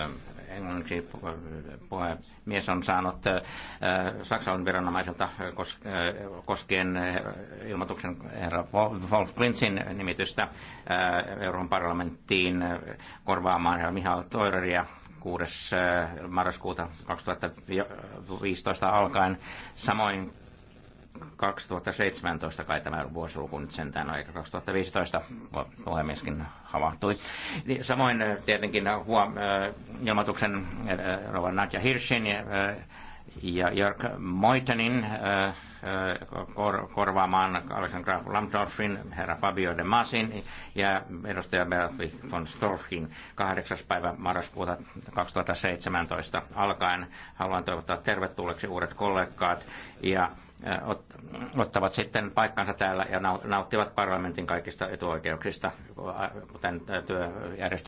Ähm, englanniksi puhe, mies on saanut äh, Saksan viranomaiselta äh, koskien äh, ilmoituksen herra Wolf Prinzin nimitystä Euroopan parlamenttiin korvaamaan herra Mihail Toireria 6. marraskuuta 2015 alkaen. Samoin 2017 kai tämä vuosiluku nyt sentään on, 2015 puhemieskin havahtui. Niin samoin tietenkin huom- ilmoituksen Rova Nadja Hirschin ja Jörg Moitenin äh, äh, kor, korvaamaan Alexander Graf Lamdorfin, herra Fabio de Masin ja edustaja Beatrice von Storchin 8. päivä marraskuuta 2017 alkaen. Haluan toivottaa tervetulleeksi uudet kollegaat ja äh, ot, ottavat sitten paikkansa täällä ja nauttivat parlamentin kaikista etuoikeuksista, kuten työjärjestys